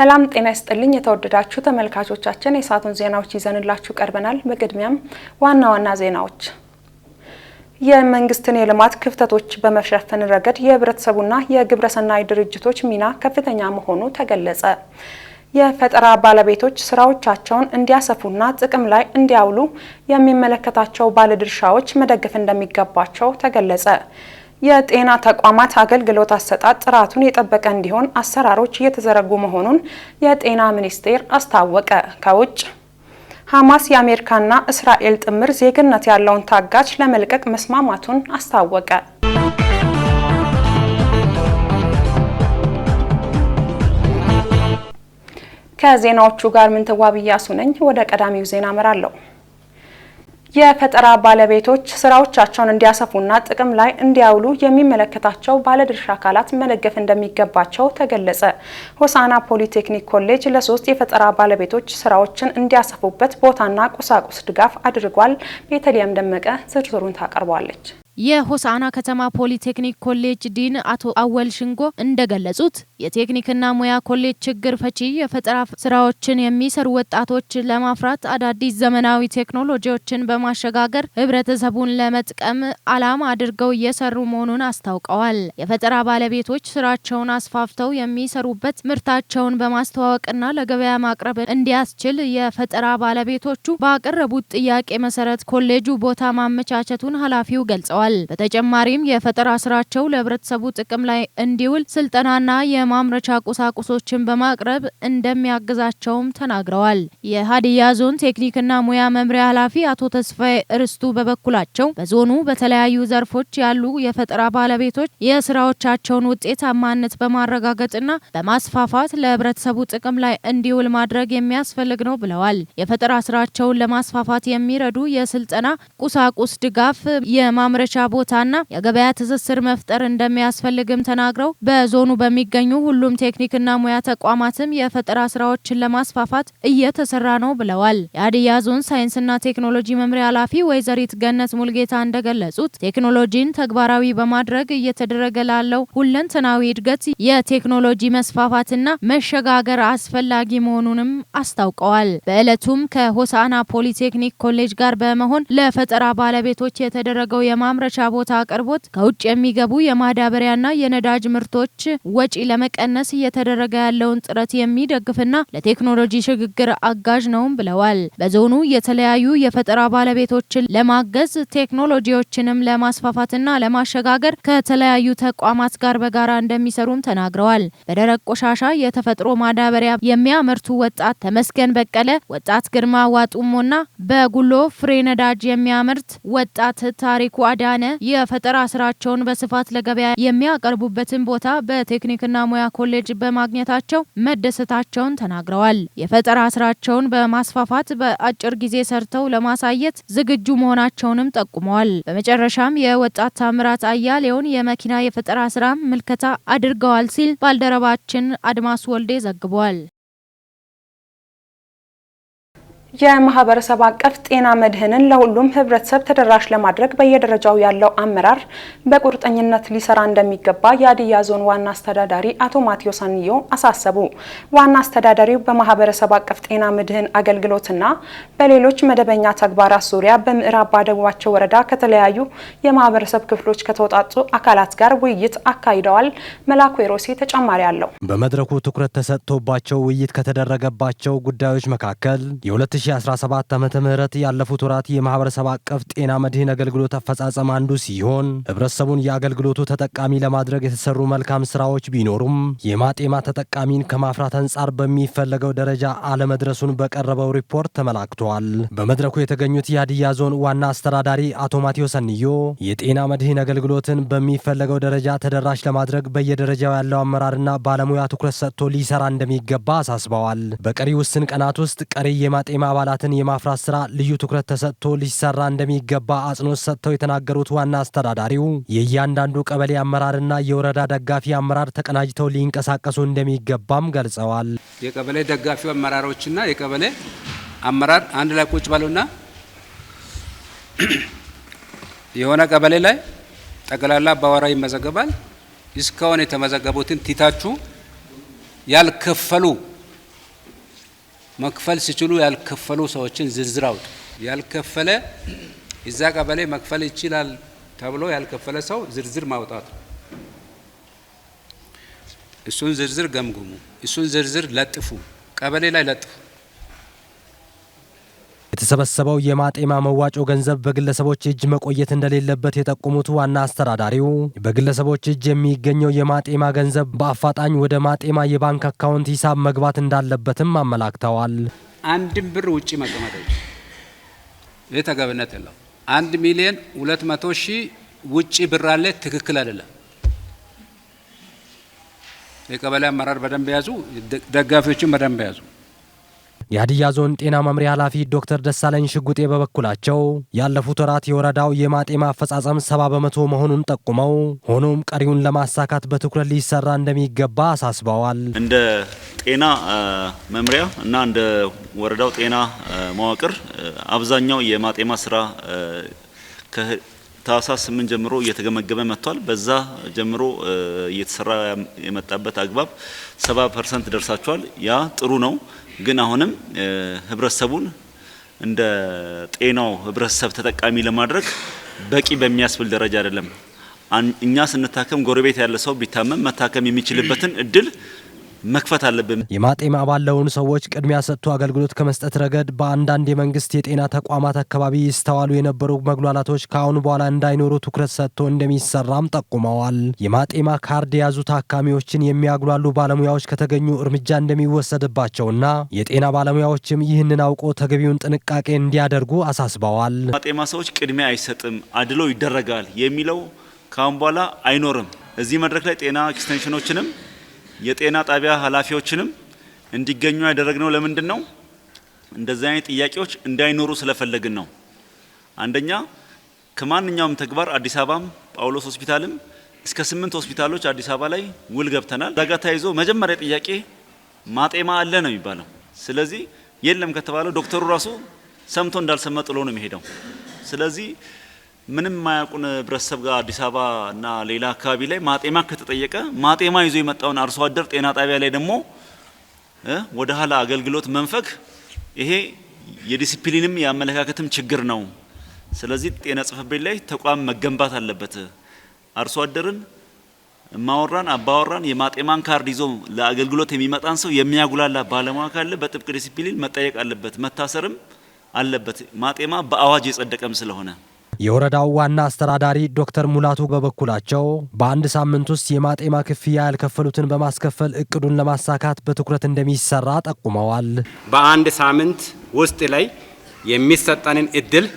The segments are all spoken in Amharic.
ሰላም ጤና ይስጥልኝ የተወደዳችሁ ተመልካቾቻችን፣ የሰዓቱን ዜናዎች ይዘንላችሁ ቀርበናል። በቅድሚያም ዋና ዋና ዜናዎች የመንግስትን የልማት ክፍተቶች በመሸፈን ረገድ የህብረተሰቡና የግብረሰናይ ድርጅቶች ሚና ከፍተኛ መሆኑ ተገለጸ። የፈጠራ ባለቤቶች ስራዎቻቸውን እንዲያሰፉና ጥቅም ላይ እንዲያውሉ የሚመለከታቸው ባለድርሻዎች መደገፍ እንደሚገባቸው ተገለጸ። የጤና ተቋማት አገልግሎት አሰጣጥ ጥራቱን የጠበቀ እንዲሆን አሰራሮች እየተዘረጉ መሆኑን የጤና ሚኒስቴር አስታወቀ። ከውጭ ሐማስ የአሜሪካና እስራኤል ጥምር ዜግነት ያለውን ታጋች ለመልቀቅ መስማማቱን አስታወቀ። ከዜናዎቹ ጋር ምንትዋብ እያሱ ነኝ። ወደ ቀዳሚው ዜና አመራለሁ። የፈጠራ ባለቤቶች ስራዎቻቸውን እንዲያሰፉና ጥቅም ላይ እንዲያውሉ የሚመለከታቸው ባለድርሻ አካላት መደገፍ እንደሚገባቸው ተገለጸ። ሆሳና ፖሊቴክኒክ ኮሌጅ ለሶስት የፈጠራ ባለቤቶች ስራዎችን እንዲያሰፉበት ቦታና ቁሳቁስ ድጋፍ አድርጓል። ቤተልሔም ደመቀ ዝርዝሩን ታቀርባለች። የሆሳና ከተማ ፖሊቴክኒክ ኮሌጅ ዲን አቶ አወል ሽንጎ እንደገለጹት የቴክኒክና ሙያ ኮሌጅ ችግር ፈቺ የፈጠራ ስራዎችን የሚሰሩ ወጣቶች ለማፍራት አዳዲስ ዘመናዊ ቴክኖሎጂዎችን በማሸጋገር ህብረተሰቡን ለመጥቀም አላማ አድርገው እየሰሩ መሆኑን አስታውቀዋል። የፈጠራ ባለቤቶች ስራቸውን አስፋፍተው የሚሰሩበት ምርታቸውን በማስተዋወቅና ለገበያ ማቅረብ እንዲያስችል የፈጠራ ባለቤቶቹ ባቀረቡት ጥያቄ መሰረት ኮሌጁ ቦታ ማመቻቸቱን ኃላፊው ገልጸዋል። በተጨማሪም የፈጠራ ስራቸው ለህብረተሰቡ ጥቅም ላይ እንዲውል ስልጠናና የማምረቻ ቁሳቁሶችን በማቅረብ እንደሚያግዛቸውም ተናግረዋል። የሀዲያ ዞን ቴክኒክና ሙያ መምሪያ ኃላፊ አቶ ተስፋዬ እርስቱ በበኩላቸው በዞኑ በተለያዩ ዘርፎች ያሉ የፈጠራ ባለቤቶች የስራዎቻቸውን ውጤታማነት በማረጋገጥና በማስፋፋት ለህብረተሰቡ ጥቅም ላይ እንዲውል ማድረግ የሚያስፈልግ ነው ብለዋል። የፈጠራ ስራቸውን ለማስፋፋት የሚረዱ የስልጠና ቁሳቁስ ድጋፍ፣ የማምረቻ ቦታና የገበያ ትስስር መፍጠር እንደሚያስፈልግም ተናግረው በዞኑ በሚገኙ ሁሉም ቴክኒክና ሙያ ተቋማትም የፈጠራ ስራዎችን ለማስፋፋት እየተሰራ ነው ብለዋል። የሀዲያ ዞን ሳይንስና ቴክኖሎጂ መምሪያ ኃላፊ ወይዘሪት ገነት ሙልጌታ እንደገለጹት ቴክኖሎጂን ተግባራዊ በማድረግ እየተደረገ ላለው ሁለንተናዊ እድገት የቴክኖሎጂ መስፋፋትና መሸጋገር አስፈላጊ መሆኑንም አስታውቀዋል። በእለቱም ከሆሳና ፖሊቴክኒክ ኮሌጅ ጋር በመሆን ለፈጠራ ባለቤቶች የተደረገው የማምረቻ ቦታ አቅርቦት ከውጭ የሚገቡ የማዳበሪያና የነዳጅ ምርቶች ወጪ ለመ ለመቀነስ እየተደረገ ያለውን ጥረት የሚደግፍና ለቴክኖሎጂ ሽግግር አጋዥ ነውም ብለዋል። በዞኑ የተለያዩ የፈጠራ ባለቤቶችን ለማገዝ ቴክኖሎጂዎችንም ለማስፋፋትና ለማሸጋገር ከተለያዩ ተቋማት ጋር በጋራ እንደሚሰሩም ተናግረዋል። በደረቅ ቆሻሻ የተፈጥሮ ማዳበሪያ የሚያመርቱ ወጣት ተመስገን በቀለ፣ ወጣት ግርማ ዋጡሞና በጉሎ ፍሬ ነዳጅ የሚያመርት ወጣት ታሪኩ አዳነ የፈጠራ ስራቸውን በስፋት ለገበያ የሚያቀርቡበትን ቦታ በቴክኒክና ሙያ የሙያ ኮሌጅ በማግኘታቸው መደሰታቸውን ተናግረዋል። የፈጠራ ስራቸውን በማስፋፋት በአጭር ጊዜ ሰርተው ለማሳየት ዝግጁ መሆናቸውንም ጠቁመዋል። በመጨረሻም የወጣት ታምራት አያሌውን የመኪና የፈጠራ ስራ ምልከታ አድርገዋል ሲል ባልደረባችን አድማስ ወልዴ ዘግቧል። የማህበረሰብ አቀፍ ጤና መድህንን ለሁሉም ህብረተሰብ ተደራሽ ለማድረግ በየደረጃው ያለው አመራር በቁርጠኝነት ሊሰራ እንደሚገባ የሀዲያ ዞን ዋና አስተዳዳሪ አቶ ማቴዎስ አንዮ አሳሰቡ። ዋና አስተዳዳሪው በማህበረሰብ አቀፍ ጤና መድህን አገልግሎትና በሌሎች መደበኛ ተግባራት ዙሪያ በምዕራብ ባደዋቸው ወረዳ ከተለያዩ የማህበረሰብ ክፍሎች ከተውጣጡ አካላት ጋር ውይይት አካሂደዋል። መላኩ ሮሴ ተጨማሪ አለው። በመድረኩ ትኩረት ተሰጥቶባቸው ውይይት ከተደረገባቸው ጉዳዮች መካከል 2017 ዓ ም ያለፉት ወራት የማህበረሰብ አቀፍ ጤና መድህን አገልግሎት አፈጻጸም አንዱ ሲሆን ህብረተሰቡን የአገልግሎቱ ተጠቃሚ ለማድረግ የተሰሩ መልካም ስራዎች ቢኖሩም የማጤማ ተጠቃሚን ከማፍራት አንጻር በሚፈለገው ደረጃ አለመድረሱን በቀረበው ሪፖርት ተመላክቷል። በመድረኩ የተገኙት የሀዲያ ዞን ዋና አስተዳዳሪ አቶ ማቴዎ ሰንዮ የጤና መድህን አገልግሎትን በሚፈለገው ደረጃ ተደራሽ ለማድረግ በየደረጃው ያለው አመራርና ባለሙያ ትኩረት ሰጥቶ ሊሰራ እንደሚገባ አሳስበዋል። በቀሪ ውስን ቀናት ውስጥ ቀሪ የማጤማ አባላትን የማፍራት ስራ ልዩ ትኩረት ተሰጥቶ ሊሰራ እንደሚገባ አጽንኦት ሰጥተው የተናገሩት ዋና አስተዳዳሪው የእያንዳንዱ ቀበሌ አመራርና የወረዳ ደጋፊ አመራር ተቀናጅተው ሊንቀሳቀሱ እንደሚገባም ገልጸዋል። የቀበሌ ደጋፊ አመራሮችና የቀበሌ አመራር አንድ ላይ ቁጭ ባሉና የሆነ ቀበሌ ላይ ጠቅላላ አባወራ ይመዘገባል። እስካሁን የተመዘገቡትን ቲታችሁ ያልከፈሉ መክፈል ሲችሉ ያልከፈሉ ሰዎችን ዝርዝር አውጡ። ያልከፈለ እዛ ቀበሌ መክፈል ይችላል ተብሎ ያልከፈለ ሰው ዝርዝር ማውጣት ነው። እሱን ዝርዝር ገምግሙ። እሱን ዝርዝር ለጥፉ፣ ቀበሌ ላይ ለጥፉ። የተሰበሰበው የማጤማ መዋጮ ገንዘብ በግለሰቦች እጅ መቆየት እንደሌለበት የጠቆሙት ዋና አስተዳዳሪው በግለሰቦች እጅ የሚገኘው የማጤማ ገንዘብ በአፋጣኝ ወደ ማጤማ የባንክ አካውንት ሂሳብ መግባት እንዳለበትም አመላክተዋል። አንድም ብር ውጭ መቀመጥ ይህ ተገብነት የለው። አንድ ሚሊዮን ሁለት መቶ ሺህ ውጭ ብር አለ። ትክክል አይደለም። የቀበሌ አመራር በደንብ ያዙ፣ ደጋፊዎችን በደንብ ያዙ። የሀዲያ ዞን ጤና መምሪያ ኃላፊ ዶክተር ደሳለኝ ሽጉጤ በበኩላቸው ያለፉት ወራት የወረዳው የማጤማ አፈጻጸም ሰባ በመቶ መሆኑን ጠቁመው ሆኖም ቀሪውን ለማሳካት በትኩረት ሊሰራ እንደሚገባ አሳስበዋል። እንደ ጤና መምሪያ እና እንደ ወረዳው ጤና መዋቅር አብዛኛው የማጤማ ስራ ታህሳስ ስምንት ጀምሮ እየተገመገመ መጥቷል። በዛ ጀምሮ እየተሰራ የመጣበት አግባብ ሰባ ፐርሰንት ደርሳቸዋል። ያ ጥሩ ነው። ግን አሁንም ህብረተሰቡን እንደ ጤናው ህብረተሰብ ተጠቃሚ ለማድረግ በቂ በሚያስብል ደረጃ አይደለም። እኛ ስንታከም ጎረቤት ያለ ሰው ቢታመም መታከም የሚችልበትን እድል መክፈት አለብን። የማጤማ ባለውን ሰዎች ቅድሚያ ሰጥቶ አገልግሎት ከመስጠት ረገድ በአንዳንድ የመንግስት የጤና ተቋማት አካባቢ ይስተዋሉ የነበሩ መጉላላቶች ከአሁኑ በኋላ እንዳይኖሩ ትኩረት ሰጥቶ እንደሚሰራም ጠቁመዋል። የማጤማ ካርድ የያዙ ታካሚዎችን የሚያጉላሉ ባለሙያዎች ከተገኙ እርምጃ እንደሚወሰድባቸውና የጤና ባለሙያዎችም ይህንን አውቆ ተገቢውን ጥንቃቄ እንዲያደርጉ አሳስበዋል። ማጤማ ሰዎች ቅድሚያ አይሰጥም፣ አድሎ ይደረጋል የሚለው ከአሁን በኋላ አይኖርም። እዚህ መድረክ ላይ ጤና ኤክስቴንሽኖችንም የጤና ጣቢያ ኃላፊዎችንም እንዲገኙ ያደረግነው ለምንድን ነው? እንደዚህ አይነት ጥያቄዎች እንዳይኖሩ ስለፈለግን ነው። አንደኛ ከማንኛውም ተግባር አዲስ አበባም ጳውሎስ ሆስፒታልም እስከ ስምንት ሆስፒታሎች አዲስ አበባ ላይ ውል ገብተናል። ዳጋ ተያይዞ መጀመሪያ ጥያቄ ማጤማ አለ ነው የሚባለው። ስለዚህ የለም ከተባለው ዶክተሩ ራሱ ሰምቶ እንዳልሰማ ጥሎ ነው የሚሄደው። ስለዚህ ምንም የማያውቁን ህብረተሰብ ጋር አዲስ አበባ እና ሌላ አካባቢ ላይ ማጤማ ከተጠየቀ ማጤማ ይዞ የመጣውን አርሶ አደር ጤና ጣቢያ ላይ ደግሞ ወደ ኋላ አገልግሎት መንፈግ ይሄ የዲሲፕሊንም የአመለካከትም ችግር ነው። ስለዚህ ጤና ጽሕፈት ቤት ላይ ተቋም መገንባት አለበት። አርሶ አደርን እማወራን አባወራን የማጤማን ካርድ ይዞ ለአገልግሎት የሚመጣን ሰው የሚያጉላላ ባለሙያ ካለ በጥብቅ ዲሲፕሊን መጠየቅ አለበት፣ መታሰርም አለበት። ማጤማ በአዋጅ የጸደቀም ስለሆነ የወረዳው ዋና አስተዳዳሪ ዶክተር ሙላቱ በበኩላቸው በአንድ ሳምንት ውስጥ የማጤማ ክፍያ ያልከፈሉትን በማስከፈል እቅዱን ለማሳካት በትኩረት እንደሚሰራ ጠቁመዋል። በአንድ ሳምንት ውስጥ ላይ የሚሰጠንን እድል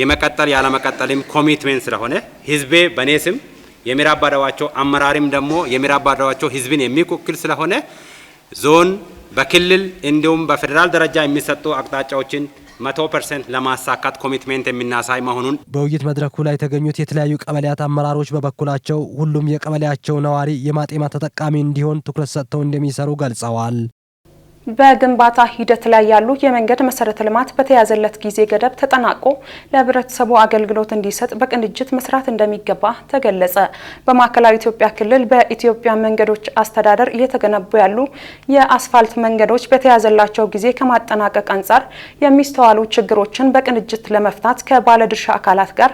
የመቀጠል ያለመቀጠልም ኮሚትሜንት ስለሆነ ህዝቤ በእኔ ስም አመራሪም ደግሞ የምዕራብ ህዝብን የሚወክል ስለሆነ ዞን በክልል እንዲሁም በፌዴራል ደረጃ የሚሰጡ አቅጣጫዎችን መቶ ፐርሰንት ለማሳካት ኮሚትሜንት የሚናሳይ መሆኑን በውይይት መድረኩ ላይ የተገኙት የተለያዩ ቀበሌያት አመራሮች በበኩላቸው ሁሉም የቀበሌያቸው ነዋሪ የማጤማ ተጠቃሚ እንዲሆን ትኩረት ሰጥተው እንደሚሰሩ ገልጸዋል። በግንባታ ሂደት ላይ ያሉ የመንገድ መሰረተ ልማት በተያዘለት ጊዜ ገደብ ተጠናቆ ለህብረተሰቡ አገልግሎት እንዲሰጥ በቅንጅት መስራት እንደሚገባ ተገለጸ። በማዕከላዊ ኢትዮጵያ ክልል በኢትዮጵያ መንገዶች አስተዳደር እየተገነቡ ያሉ የአስፋልት መንገዶች በተያዘላቸው ጊዜ ከማጠናቀቅ አንጻር የሚስተዋሉ ችግሮችን በቅንጅት ለመፍታት ከባለድርሻ አካላት ጋር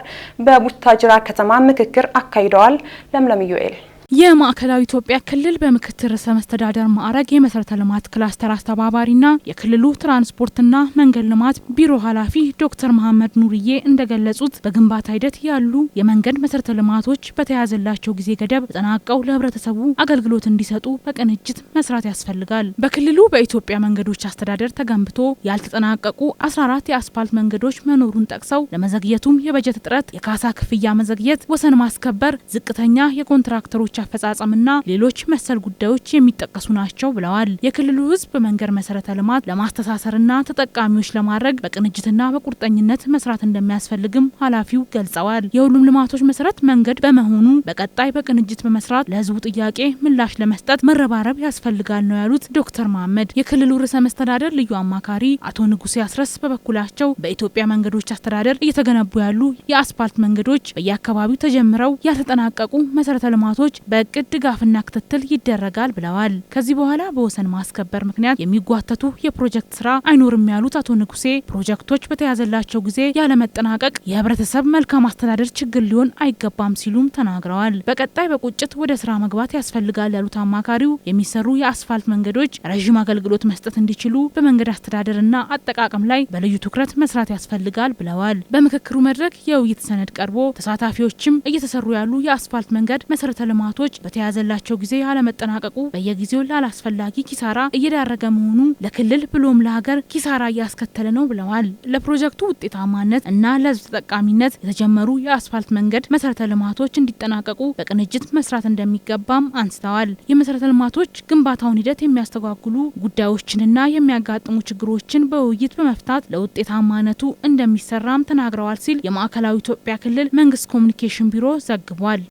በቡታጅራ ከተማ ምክክር አካሂደዋል። ለምለም ዩኤል የማዕከላዊ ኢትዮጵያ ክልል በምክትል ርዕሰ መስተዳደር ማዕረግ የመሰረተ ልማት ክላስተር አስተባባሪና የክልሉ ትራንስፖርትና መንገድ ልማት ቢሮ ኃላፊ ዶክተር መሐመድ ኑርዬ እንደገለጹት በግንባታ ሂደት ያሉ የመንገድ መሰረተ ልማቶች በተያዘላቸው ጊዜ ገደብ ተጠናቀው ለህብረተሰቡ አገልግሎት እንዲሰጡ በቅንጅት መስራት ያስፈልጋል። በክልሉ በኢትዮጵያ መንገዶች አስተዳደር ተገንብቶ ያልተጠናቀቁ 14 የአስፋልት መንገዶች መኖሩን ጠቅሰው ለመዘግየቱም የበጀት እጥረት፣ የካሳ ክፍያ መዘግየት፣ ወሰን ማስከበር፣ ዝቅተኛ የኮንትራክተሮች የመሬቶች አፈጻጸምና ሌሎች መሰል ጉዳዮች የሚጠቀሱ ናቸው ብለዋል። የክልሉ ህዝብ በመንገድ መሰረተ ልማት ለማስተሳሰርና ተጠቃሚዎች ለማድረግ በቅንጅትና በቁርጠኝነት መስራት እንደሚያስፈልግም ኃላፊው ገልጸዋል። የሁሉም ልማቶች መሰረት መንገድ በመሆኑ በቀጣይ በቅንጅት በመስራት ለህዝቡ ጥያቄ ምላሽ ለመስጠት መረባረብ ያስፈልጋል ነው ያሉት ዶክተር መሀመድ። የክልሉ ርዕሰ መስተዳደር ልዩ አማካሪ አቶ ንጉሴ አስረስ በበኩላቸው በኢትዮጵያ መንገዶች አስተዳደር እየተገነቡ ያሉ የአስፓልት መንገዶች በየአካባቢው ተጀምረው ያልተጠናቀቁ መሰረተ ልማቶች በእቅድ ድጋፍና ክትትል ይደረጋል ብለዋል። ከዚህ በኋላ በወሰን ማስከበር ምክንያት የሚጓተቱ የፕሮጀክት ስራ አይኖርም ያሉት አቶ ንጉሴ ፕሮጀክቶች በተያዘላቸው ጊዜ ያለመጠናቀቅ የህብረተሰብ መልካም አስተዳደር ችግር ሊሆን አይገባም ሲሉም ተናግረዋል። በቀጣይ በቁጭት ወደ ስራ መግባት ያስፈልጋል ያሉት አማካሪው የሚሰሩ የአስፋልት መንገዶች ረዥም አገልግሎት መስጠት እንዲችሉ በመንገድ አስተዳደርና አጠቃቀም ላይ በልዩ ትኩረት መስራት ያስፈልጋል ብለዋል። በምክክሩ መድረክ የውይይት ሰነድ ቀርቦ ተሳታፊዎችም እየተሰሩ ያሉ የአስፋልት መንገድ መሰረተ ልማት ልማቶች በተያዘላቸው ጊዜ አለመጠናቀቁ በየጊዜው ላላስፈላጊ ኪሳራ እየዳረገ መሆኑ ለክልል ብሎም ለሀገር ኪሳራ እያስከተለ ነው ብለዋል። ለፕሮጀክቱ ውጤታማነት እና ለህዝብ ተጠቃሚነት የተጀመሩ የአስፋልት መንገድ መሰረተ ልማቶች እንዲጠናቀቁ በቅንጅት መስራት እንደሚገባም አንስተዋል። የመሰረተ ልማቶች ግንባታውን ሂደት የሚያስተጓጉሉ ጉዳዮችንና የሚያጋጥሙ ችግሮችን በውይይት በመፍታት ለውጤታማነቱ እንደሚሰራም ተናግረዋል ሲል የማዕከላዊ ኢትዮጵያ ክልል መንግስት ኮሚኒኬሽን ቢሮ ዘግቧል።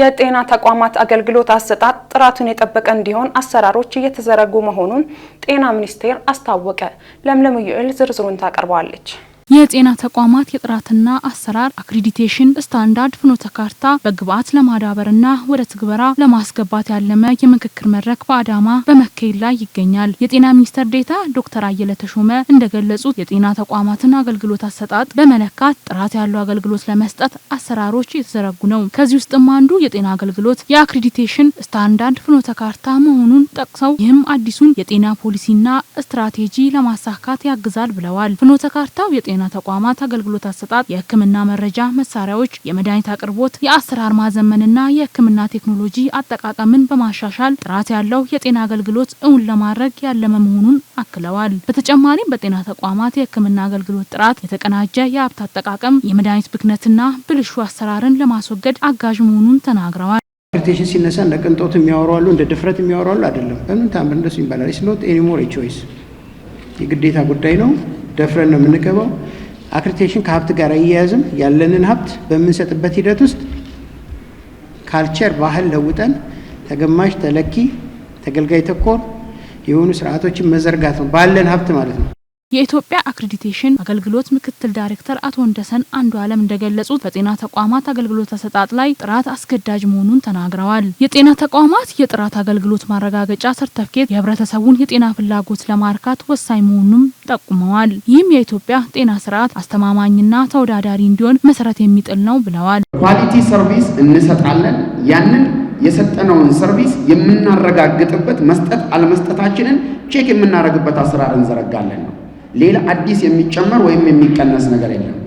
የጤና ተቋማት አገልግሎት አሰጣጥ ጥራቱን የጠበቀ እንዲሆን አሰራሮች እየተዘረጉ መሆኑን ጤና ሚኒስቴር አስታወቀ። ለምለም ዩኤል ዝርዝሩን ታቀርበዋለች። የጤና ተቋማት የጥራትና አሰራር አክሪዲቴሽን ስታንዳርድ ፍኖተ ካርታ በግብዓት ለማዳበርና ወደ ትግበራ ለማስገባት ያለመ የምክክር መድረክ በአዳማ በመካሄድ ላይ ይገኛል። የጤና ሚኒስትር ዴታ ዶክተር አየለ ተሾመ እንደገለጹት የጤና ተቋማትን አገልግሎት አሰጣጥ በመለካት ጥራት ያለው አገልግሎት ለመስጠት አሰራሮች የተዘረጉ ነው። ከዚህ ውስጥም አንዱ የጤና አገልግሎት የአክሪዲቴሽን ስታንዳርድ ፍኖተ ካርታ መሆኑን ጠቅሰው ይህም አዲሱን የጤና ፖሊሲና ስትራቴጂ ለማሳካት ያግዛል ብለዋል። ፍኖተ ካርታው የጤና የጤና ተቋማት አገልግሎት አሰጣጥ፣ የህክምና መረጃ መሳሪያዎች፣ የመድኃኒት አቅርቦት፣ የአሰራር ማዘመንና የህክምና ቴክኖሎጂ አጠቃቀምን በማሻሻል ጥራት ያለው የጤና አገልግሎት እውን ለማድረግ ያለመ መሆኑን አክለዋል። በተጨማሪም በጤና ተቋማት የህክምና አገልግሎት ጥራት፣ የተቀናጀ የሀብት አጠቃቀም፣ የመድኃኒት ብክነትና ብልሹ አሰራርን ለማስወገድ አጋዥ መሆኑን ተናግረዋል። ቴሽን ሲነሳ እንደ ቅንጦት የሚያወሩ አሉ፣ እንደ ድፍረት የሚያወሩ አይደለም በምን ታምር እንደሱ ይባላል። ስሎት ኤኒሞር ቾይስ የግዴታ ጉዳይ ነው። ደፍረን ነው የምንገባው። አክሪቴሽን ከሀብት ጋር አያያዝም ያለንን ሀብት በምንሰጥበት ሂደት ውስጥ ካልቸር ባህል ለውጠን ተገማሽ፣ ተለኪ፣ ተገልጋይ ተኮር የሆኑ ስርዓቶችን መዘርጋት ነው ባለን ሀብት ማለት ነው። የኢትዮጵያ አክሬዲቴሽን አገልግሎት ምክትል ዳይሬክተር አቶ እንደሰን አንዱ አለም እንደገለጹት በጤና ተቋማት አገልግሎት አሰጣጥ ላይ ጥራት አስገዳጅ መሆኑን ተናግረዋል። የጤና ተቋማት የጥራት አገልግሎት ማረጋገጫ ሰርተፍኬት የህብረተሰቡን የጤና ፍላጎት ለማርካት ወሳኝ መሆኑም ጠቁመዋል። ይህም የኢትዮጵያ ጤና ስርዓት አስተማማኝና ተወዳዳሪ እንዲሆን መሰረት የሚጥል ነው ብለዋል። ኳሊቲ ሰርቪስ እንሰጣለን ያንን የሰጠነውን ሰርቪስ የምናረጋግጥበት መስጠት አለመስጠታችንን ቼክ የምናደርግበት አሰራር እንዘረጋለን ነው ሌላ አዲስ የሚጨመር ወይም የሚቀነስ ነገር የለም።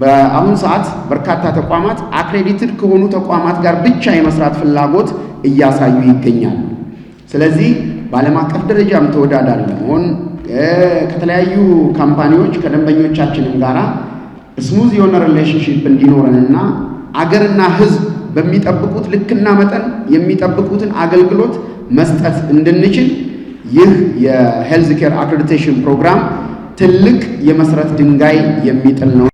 በአሁን ሰዓት በርካታ ተቋማት አክሬዲትድ ከሆኑ ተቋማት ጋር ብቻ የመስራት ፍላጎት እያሳዩ ይገኛሉ። ስለዚህ በዓለም አቀፍ ደረጃም ተወዳዳሪ ለመሆን ከተለያዩ ካምፓኒዎች ከደንበኞቻችንም ጋር ስሙዝ የሆነ ሪሌሽንሽፕ እንዲኖረንና አገርና ሕዝብ በሚጠብቁት ልክና መጠን የሚጠብቁትን አገልግሎት መስጠት እንድንችል ይህ የሄልዝ ኬር አክሬዲቴሽን ፕሮግራም ትልቅ የመሰረት ድንጋይ የሚጥል ነው።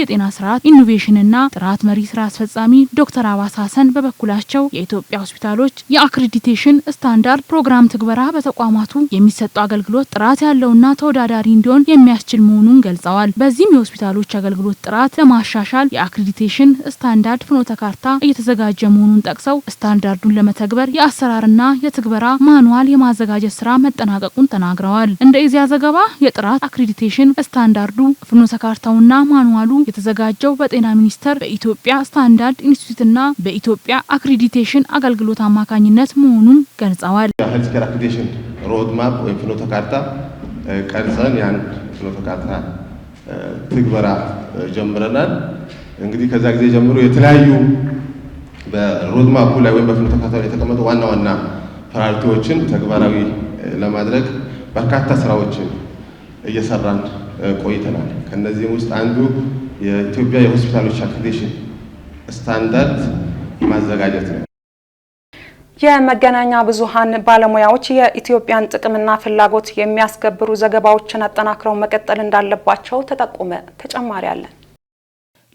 የጤና ስርዓት ኢኖቬሽንና ጥራት መሪ ስራ አስፈጻሚ ዶክተር አባስ ሀሰን በበኩላቸው የኢትዮጵያ ሆስፒታሎች የአክሬዲቴሽን ስታንዳርድ ፕሮግራም ትግበራ በተቋማቱ የሚሰጠው አገልግሎት ጥራት ያለውና ተወዳዳሪ እንዲሆን የሚያስችል መሆኑን ገልጸዋል። በዚህም የሆስፒታሎች አገልግሎት ጥራት ለማሻሻል የአክሬዲቴሽን ስታንዳርድ ፍኖተ ካርታ እየተዘጋጀ መሆኑን ጠቅሰው ስታንዳርዱን ለመተግበር የአሰራርና የትግበራ ማንዋል የማዘጋጀት ስራ መጠናቀቁን ተናግረዋል። እንደ ኢዜአ ዘገባ የጥራት አክሬዲቴሽን ስታንዳርዱ ፍኖተ ካርታውና ማንዋሉ የተዘጋጀው በጤና ሚኒስቴር በኢትዮጵያ ስታንዳርድ ኢንስቲትዩትና በኢትዮጵያ አክሪዲቴሽን አገልግሎት አማካኝነት መሆኑን ገልጸዋል። ሄልዝኬር አክሪዲቴሽን ሮድማፕ ወይም ፍኖተ ካርታ ቀርጸን የአንድ ፍኖተ ካርታ ትግበራ ጀምረናል። እንግዲህ ከዛ ጊዜ ጀምሮ የተለያዩ በሮድማፑ ላይ ወይም በፍኖተ ካርታ ላይ የተቀመጡ ዋና ዋና ፕራሪቲዎችን ተግባራዊ ለማድረግ በርካታ ስራዎችን እየሰራን ቆይተናል። ከነዚህም ውስጥ አንዱ የኢትዮጵያ የሆስፒታሎች አክሬዲቴሽን ስታንዳርድ ማዘጋጀት ነው። የመገናኛ ብዙኃን ባለሙያዎች የኢትዮጵያን ጥቅምና ፍላጎት የሚያስከብሩ ዘገባዎችን አጠናክረው መቀጠል እንዳለባቸው ተጠቆመ። ተጨማሪ አለን።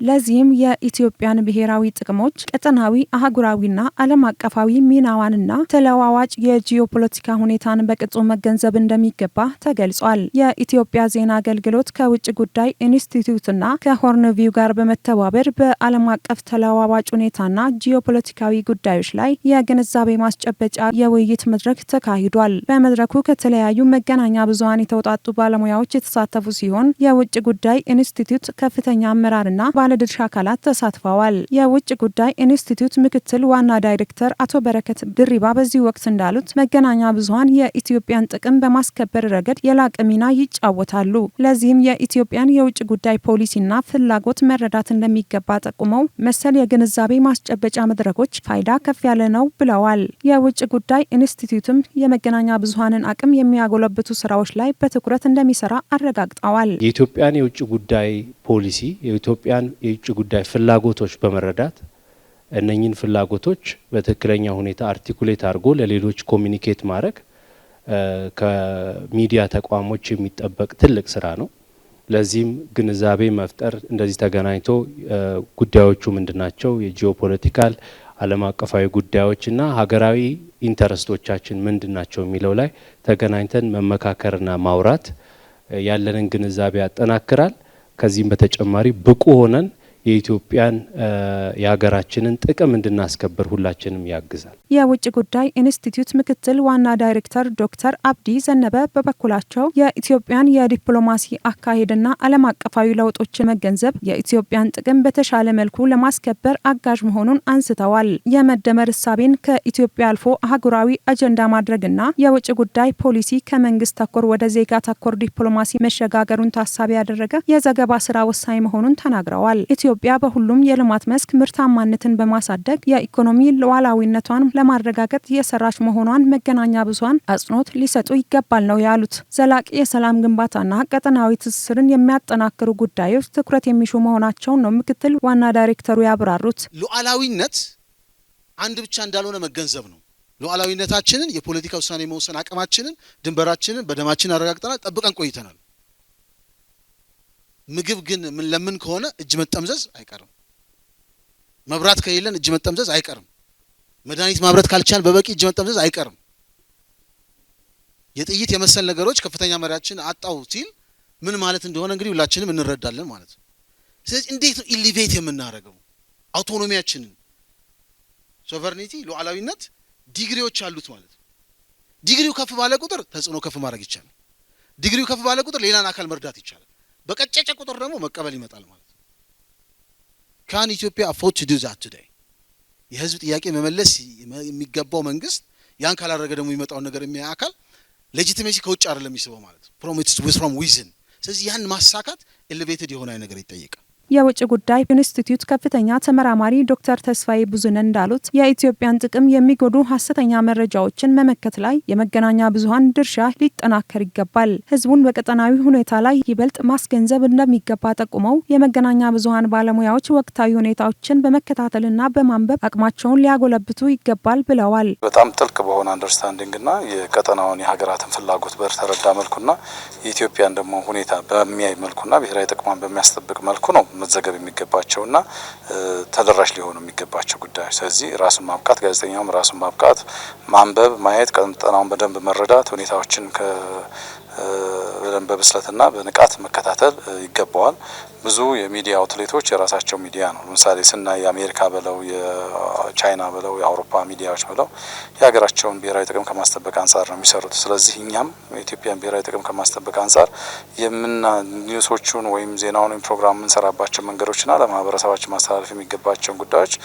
ለዚህም የኢትዮጵያን ብሔራዊ ጥቅሞች፣ ቀጠናዊ፣ አህጉራዊና ዓለም አቀፋዊ ሚናዋንና ተለዋዋጭ የጂኦፖለቲካ ሁኔታን በቅጡ መገንዘብ እንደሚገባ ተገልጿል። የኢትዮጵያ ዜና አገልግሎት ከውጭ ጉዳይ ኢንስቲትዩትና ከሆርንቪው ጋር በመተባበር በዓለም አቀፍ ተለዋዋጭ ሁኔታና ጂኦፖለቲካዊ ጉዳዮች ላይ የግንዛቤ ማስጨበጫ የውይይት መድረክ ተካሂዷል። በመድረኩ ከተለያዩ መገናኛ ብዙሀን የተውጣጡ ባለሙያዎች የተሳተፉ ሲሆን የውጭ ጉዳይ ኢንስቲትዩት ከፍተኛ አመራርና ባለድርሻ አካላት ተሳትፈዋል። የውጭ ጉዳይ ኢንስቲትዩት ምክትል ዋና ዳይሬክተር አቶ በረከት ድሪባ በዚህ ወቅት እንዳሉት መገናኛ ብዙሀን የኢትዮጵያን ጥቅም በማስከበር ረገድ የላቀ ሚና ይጫወታሉ። ለዚህም የኢትዮጵያን የውጭ ጉዳይ ፖሊሲና ፍላጎት መረዳት እንደሚገባ ጠቁመው መሰል የግንዛቤ ማስጨበጫ መድረኮች ፋይዳ ከፍ ያለ ነው ብለዋል። የውጭ ጉዳይ ኢንስቲትዩትም የመገናኛ ብዙኃንን አቅም የሚያጎለብቱ ስራዎች ላይ በትኩረት እንደሚሰራ አረጋግጠዋል። የኢትዮጵያን የውጭ ጉዳይ ፖሊሲ የኢትዮጵያን የውጭ ጉዳይ ፍላጎቶች በመረዳት እነኝን ፍላጎቶች በትክክለኛ ሁኔታ አርቲኩሌት አድርጎ ለሌሎች ኮሚኒኬት ማድረግ ከሚዲያ ተቋሞች የሚጠበቅ ትልቅ ስራ ነው። ለዚህም ግንዛቤ መፍጠር እንደዚህ ተገናኝቶ ጉዳዮቹ ምንድናቸው፣ የጂኦፖለቲካል ዓለም አቀፋዊ ጉዳዮች እና ሀገራዊ ኢንተረስቶቻችን ምንድናቸው የሚለው ላይ ተገናኝተን መመካከርና ማውራት ያለንን ግንዛቤ ያጠናክራል። ከዚህም በተጨማሪ ብቁ ሆነን የኢትዮጵያን የሀገራችንን ጥቅም እንድናስከብር ሁላችንም ያግዛል። የውጭ ጉዳይ ኢንስቲትዩት ምክትል ዋና ዳይሬክተር ዶክተር አብዲ ዘነበ በበኩላቸው የኢትዮጵያን የዲፕሎማሲ አካሄድና ዓለም አቀፋዊ ለውጦችን መገንዘብ የኢትዮጵያን ጥቅም በተሻለ መልኩ ለማስከበር አጋዥ መሆኑን አንስተዋል። የመደመር እሳቤን ከኢትዮጵያ አልፎ አህጉራዊ አጀንዳ ማድረግና የውጭ ጉዳይ ፖሊሲ ከመንግስት ተኮር ወደ ዜጋ ተኮር ዲፕሎማሲ መሸጋገሩን ታሳቢ ያደረገ የዘገባ ስራ ወሳኝ መሆኑን ተናግረዋል። ኢትዮጵያ በሁሉም የልማት መስክ ምርታማነትን በማሳደግ የኢኮኖሚ ሉዓላዊነቷን ለማረጋገጥ የሰራች መሆኗን መገናኛ ብዙኃን አጽንኦት ሊሰጡ ይገባል ነው ያሉት። ዘላቂ የሰላም ግንባታና ቀጠናዊ ትስስርን የሚያጠናክሩ ጉዳዮች ትኩረት የሚሹ መሆናቸውን ነው ምክትል ዋና ዳይሬክተሩ ያብራሩት። ሉዓላዊነት አንድ ብቻ እንዳልሆነ መገንዘብ ነው። ሉዓላዊነታችንን የፖለቲካ ውሳኔ መወሰን አቅማችንን፣ ድንበራችንን በደማችን አረጋግጠናል፣ ጠብቀን ቆይተናል። ምግብ ግን ለምን ከሆነ እጅ መጠምዘዝ አይቀርም። መብራት ከሌለን እጅ መጠምዘዝ አይቀርም። መድኃኒት ማምረት ካልቻል በበቂ እጅ መጠምዘዝ አይቀርም። የጥይት የመሰል ነገሮች ከፍተኛ መሪያችን አጣው ሲል ምን ማለት እንደሆነ እንግዲህ ሁላችንም እንረዳለን ማለት ነው። ስለዚህ እንዴት ነው ኢሊቬት የምናደርገው አውቶኖሚያችንን? ሶቨርኒቲ ሉዓላዊነት ዲግሪዎች አሉት ማለት ነው። ዲግሪው ከፍ ባለ ቁጥር ተጽዕኖ ከፍ ማድረግ ይቻላል። ዲግሪው ከፍ ባለ ቁጥር ሌላን አካል መርዳት ይቻላል። በቀጨጨ ቁጥር ደግሞ መቀበል ይመጣል ማለት ነው። ካን ኢትዮጵያ አፎርድ ቱ ዱ ዛት ቱዴይ? የህዝብ ጥያቄ መመለስ የሚገባው መንግስት ያን ካላደረገ ደግሞ የሚመጣውን ነገር የሚያ አካል ሌጂቲሜሲ ከውጭ አይደለም የሚስበው ማለት ነው። ፕሮም ፍሮም ዊዝን። ስለዚህ ያን ማሳካት ኤሌቬትድ የሆነ ነገር ይጠይቃል። የውጭ ጉዳይ ኢንስቲትዩት ከፍተኛ ተመራማሪ ዶክተር ተስፋዬ ብዙነ እንዳሉት የኢትዮጵያን ጥቅም የሚጎዱ ሀሰተኛ መረጃዎችን መመከት ላይ የመገናኛ ብዙሀን ድርሻ ሊጠናከር ይገባል። ህዝቡን በቀጠናዊ ሁኔታ ላይ ይበልጥ ማስገንዘብ እንደሚገባ ጠቁመው የመገናኛ ብዙሀን ባለሙያዎች ወቅታዊ ሁኔታዎችን በመከታተልና በማንበብ አቅማቸውን ሊያጎለብቱ ይገባል ብለዋል። በጣም ጥልቅ በሆነ አንደርስታንዲንግና የቀጠናውን የሀገራትን ፍላጎት በተረዳ መልኩና የኢትዮጵያን ደግሞ ሁኔታ በሚያይ መልኩና ብሔራዊ ጥቅሟን በሚያስጠብቅ መልኩ ነው መዘገብ እና ተደራሽ ሊሆኑ የሚገባቸው ጉዳዮች። ስለዚህ ራሱን ማብቃት ጋዜጠኛውም ራሱን ማብቃት፣ ማንበብ፣ ማየት፣ ቀጠናውን በደንብ መረዳት ሁኔታዎችን በደንብ በብስለትና በንቃት መከታተል ይገባዋል። ብዙ የሚዲያ አውትሌቶች የራሳቸው ሚዲያ ነው። ለምሳሌ ስናይ የአሜሪካ በለው የቻይና በለው የአውሮፓ ሚዲያዎች በለው የሀገራቸውን ብሔራዊ ጥቅም ከማስጠበቅ አንጻር ነው የሚሰሩት። ስለዚህ እኛም የኢትዮጵያን ብሔራዊ ጥቅም ከማስጠበቅ አንጻር የምና ኒውሶቹን ወይም ዜናውን ወይም ፕሮግራም የምንሰራባቸው መንገዶችና ለማህበረሰባችን ማስተላለፍ የሚገባቸውን ጉዳዮች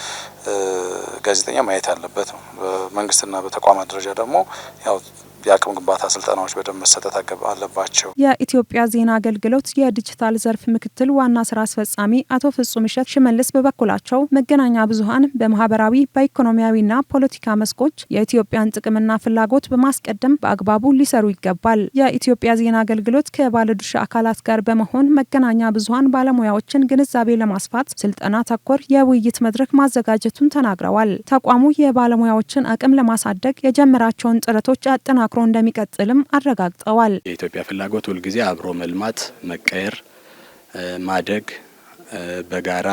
ጋዜጠኛ ማየት ያለበት ነው። በመንግስትና በተቋማት ደረጃ ደግሞ ያው የአቅም ግንባታ ስልጠናዎች በደንብ መሰጠት አለባቸው። የኢትዮጵያ ዜና አገልግሎት የዲጂታል ዘርፍ ምክትል ዋና ስራ አስፈጻሚ አቶ ፍጹም እሸት ሽመልስ በበኩላቸው መገናኛ ብዙሀን በማህበራዊ በኢኮኖሚያዊና ፖለቲካ መስኮች የኢትዮጵያን ጥቅምና ፍላጎት በማስቀደም በአግባቡ ሊሰሩ ይገባል። የኢትዮጵያ ዜና አገልግሎት ከባለድርሻ አካላት ጋር በመሆን መገናኛ ብዙሀን ባለሙያዎችን ግንዛቤ ለማስፋት ስልጠና ተኮር የውይይት መድረክ ማዘጋጀቱን ተናግረዋል። ተቋሙ የባለሙያዎችን አቅም ለማሳደግ የጀመራቸውን ጥረቶች አጠናክሮ ተጠናክሮ እንደሚቀጥልም አረጋግጠዋል። የኢትዮጵያ ፍላጎት ሁልጊዜ አብሮ መልማት፣ መቀየር፣ ማደግ በጋራ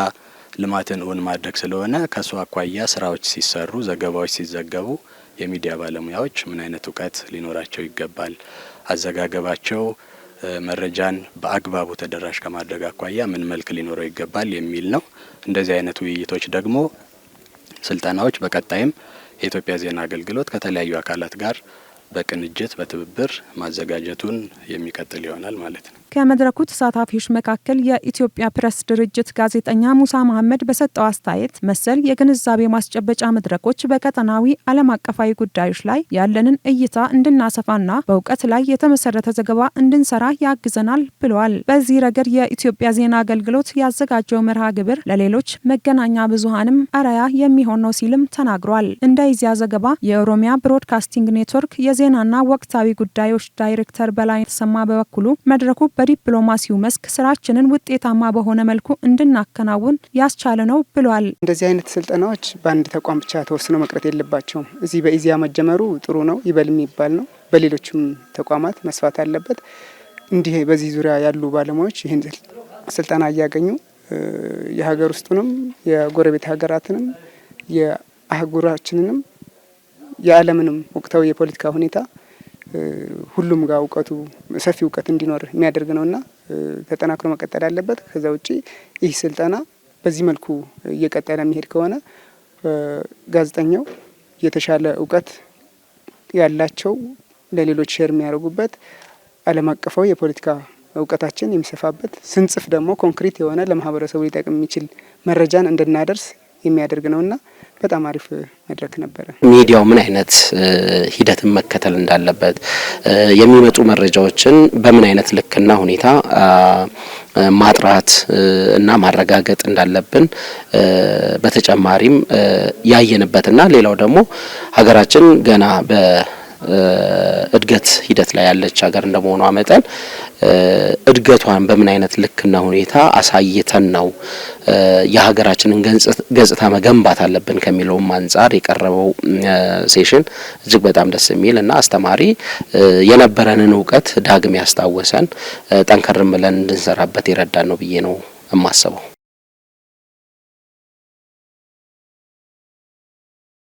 ልማትን እውን ማድረግ ስለሆነ ከሱ አኳያ ስራዎች ሲሰሩ፣ ዘገባዎች ሲዘገቡ የሚዲያ ባለሙያዎች ምን አይነት እውቀት ሊኖራቸው ይገባል፣ አዘጋገባቸው መረጃን በአግባቡ ተደራሽ ከማድረግ አኳያ ምን መልክ ሊኖረው ይገባል የሚል ነው። እንደዚህ አይነት ውይይቶች ደግሞ ስልጠናዎች በቀጣይም የኢትዮጵያ ዜና አገልግሎት ከተለያዩ አካላት ጋር በቅንጅት በትብብር ማዘጋጀቱን የሚቀጥል ይሆናል ማለት ነው። ከመድረኩ ተሳታፊዎች መካከል የኢትዮጵያ ፕሬስ ድርጅት ጋዜጠኛ ሙሳ መሐመድ በሰጠው አስተያየት መሰል የግንዛቤ ማስጨበጫ መድረኮች በቀጠናዊ ዓለም አቀፋዊ ጉዳዮች ላይ ያለንን እይታ እንድናሰፋና በእውቀት ላይ የተመሰረተ ዘገባ እንድንሰራ ያግዘናል ብለዋል። በዚህ ረገድ የኢትዮጵያ ዜና አገልግሎት ያዘጋጀው መርሃ ግብር ለሌሎች መገናኛ ብዙሃንም አርአያ የሚሆን ነው ሲልም ተናግሯል። እንደ ኢዜአ ዘገባ የኦሮሚያ ብሮድካስቲንግ ኔትወርክ የዜናና ወቅታዊ ጉዳዮች ዳይሬክተር በላይ ተሰማ በበኩሉ መድረኩ በ በዲፕሎማሲው መስክ ስራችንን ውጤታማ በሆነ መልኩ እንድናከናውን ያስቻለ ነው ብሏል። እንደዚህ አይነት ስልጠናዎች በአንድ ተቋም ብቻ ተወስኖ መቅረት የለባቸውም። እዚህ በኢዚያ መጀመሩ ጥሩ ነው፣ ይበል የሚባል ነው። በሌሎችም ተቋማት መስፋት አለበት። እንዲህ በዚህ ዙሪያ ያሉ ባለሙያዎች ይህን ስልጠና እያገኙ የሀገር ውስጡንም የጎረቤት ሀገራትንም የአህጉራችንንም የዓለምንም ወቅታዊ የፖለቲካ ሁኔታ ሁሉም ጋር እውቀቱ ሰፊ እውቀት እንዲኖር የሚያደርግ ነውና ተጠናክሮ መቀጠል አለበት። ከዛ ውጭ ይህ ስልጠና በዚህ መልኩ እየቀጠለ የሚሄድ ከሆነ ጋዜጠኛው የተሻለ እውቀት ያላቸው ለሌሎች ሼር የሚያደርጉበት ዓለም አቀፋዊ የፖለቲካ እውቀታችን የሚሰፋበት ስንጽፍ ደግሞ ኮንክሪት የሆነ ለማህበረሰቡ ሊጠቅም የሚችል መረጃን እንድናደርስ የሚያደርግ ነው እና በጣም አሪፍ መድረክ ነበረ። ሚዲያው ምን አይነት ሂደትን መከተል እንዳለበት የሚመጡ መረጃዎችን በምን አይነት ልክና ሁኔታ ማጥራት እና ማረጋገጥ እንዳለብን በተጨማሪም ያየንበትና ሌላው ደግሞ ሀገራችን ገና በ እድገት ሂደት ላይ ያለች ሀገር እንደመሆኗ መጠን እድገቷን በምን አይነት ልክና ሁኔታ አሳይተን ነው የሀገራችንን ገጽታ መገንባት አለብን ከሚለውም አንጻር የቀረበው ሴሽን እጅግ በጣም ደስ የሚል እና አስተማሪ የነበረንን እውቀት ዳግም ያስታወሰን ጠንከርን ብለን እንድንሰራበት የረዳን ነው ብዬ ነው የማስበው።